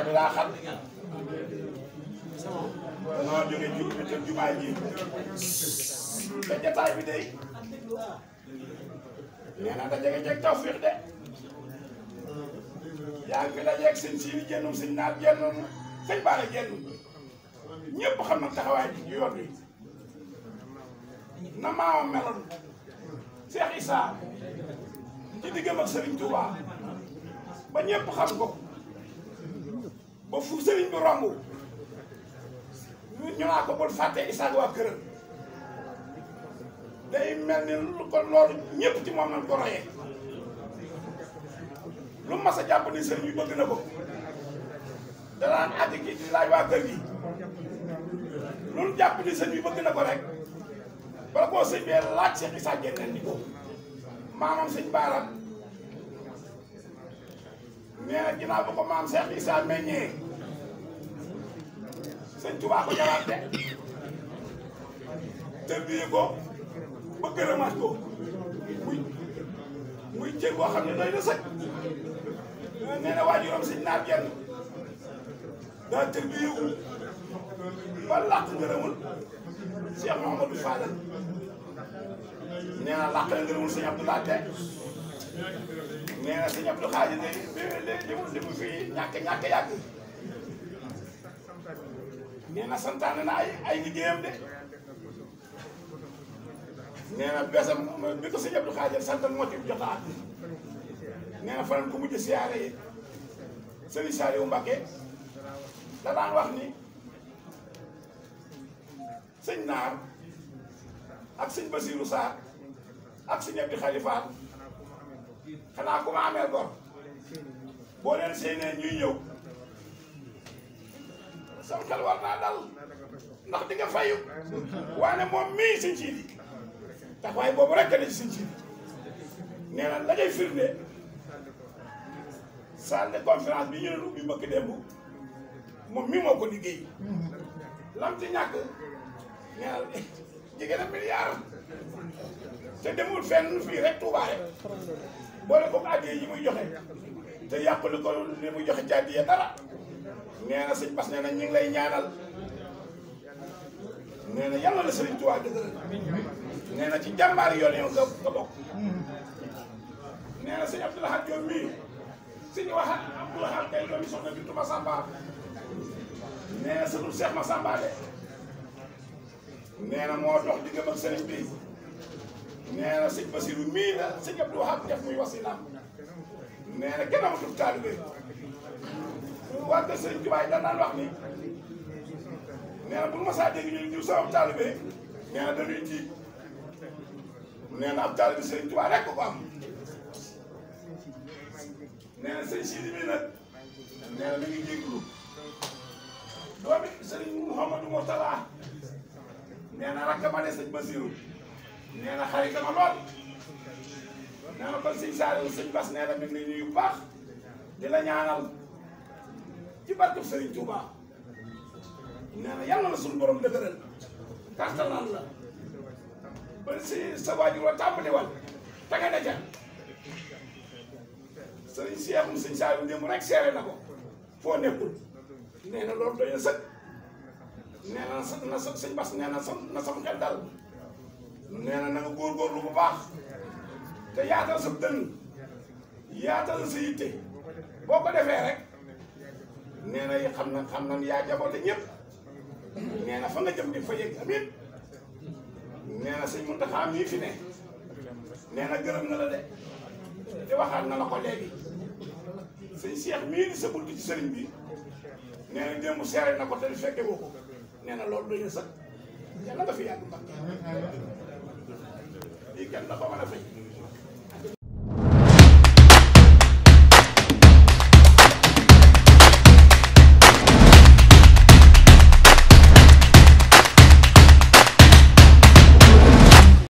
jotaay bi daa xam. maa jógee jiw bi te jubaay jiw te bi day nee na da jege-jeg de yaa ngi fi dajeeg sëñ siiri jennum sëñ naat jennum sëñ baale jennum ñëpp xam na taxawaay bi ci yoon wi na maama meloon Cheikh Issa ci diggam ak Serigne Touba ba ñëpp xam ko ba fu sëriñ bi romb ñu naa ko bul fàtte Issa waa këram day mel ni lu ko loolu ñëpp ci moom nañ ko lu mas jàpp ni sëriñ bi bëgg na ko danaan àddi ki laaj waa kër gi loolu jàpp ni sëriñ bi bëgg na ko rek bala koo sëñ bee laaj Seex Issa génneen ni ko maamam sëñ baaram nee na ginnaaw ba ko maam Seex Issa meññee sëñ Tuubaa ko jaraat de tërbiyee ko ba gërëmaat ko muy muy cër boo xam ne doy na sëñ nee na waajuram sëñ naar jenn daa tërbiyee wu ba làq ngërëmul Cheikh Mouhamadou Fadal nee na làq na ngërëmul sëñ Abdoulaye de nee na sëñ Abdou Xaadir de li mu fi ñàkk ñàkk yàgg nee na santaane na ay ay liggéeyam de nee na besam bi ko sëñ Abdou Khadir sant moo ci jotaat nee na faran ko mujj siyaare yi sëriñ Saliou Mbacke da daan wax ni sëñ Naar ak sëñ Basirou Sarr ak sëñ Abdou Khalifa xanaa ku ma amee bor boo leen seenee ñuy ñëw. sama xel war naa dal ndax di nga fayu moom mii si njiit yi taxawaay boobu rek na ci si njiit yi nee na la ngay firnde salle de conférence bi ñu ne ubbi mbëkk démb moom mii moo ko liggéey lam ci ñàkk nee na jigéen te demul fenn fii rek Tuubaa boole ko addiya yi muy joxe te yàqu ko li muy joxe ci addiya dara nee na sëñ Bass nee na ñu ngi lay ñaanal nee na yàlla la Serigne Touba dëgëral nee na ci jàmbaari yoon yow nga nga bokk nee na sëñ Abdoul Ahad Diop mii sëñ wax Abdoul Ahad kay na sëñ Cheikh Massamba de nee na moo dox diggam ak sëriñ la sëñ Abdoul Ahad def muy wasilaam nee na kenn amatul waa kër Sëriñ Tuubaa daan naan wax ni nee na bu ma saa dégg ñu diw sama taalibe nee na dañuy tiit nee na ab rek ko am nee na sëñ Sidi bi nag nee na mi ngi jégalu doomi Sëriñ Mouhamadou Mourtala nee na rakk ma de sëñ Basiru nee na xarit dama lool nee na kon sëñ Saaliw sëñ Bas ci barkeb Serigne Touba nee na yàlla la suñu borom dëgëral tartanaan la ba si sa waajur wa tàmbaliwal te nga daja Serigne Cheikhoum Serigne Saliou démb rek seere na ko foo nekkul nee na loolu sëkk nee na sa na sa sëñ na sam na sam xel dal nee na na nga góorgóorlu bu baax te yaatal sa dënn yaatal sa yitte boo ko defee rek. nee na xam na xam nañ yaa jaboote ñëpp nee na fa nga jëm di fa yëg amit nee na sëñ Muntaxa mii fi ne nee na gërëm na la de te na la ko léegi sëñ Cheikh mii di sa bunt ci sëriñ bi nee na démb seere na ko te fekke woo ko nee loolu doy na sax yàlla nga fi yàgg ba lii kenn la ko mën a fay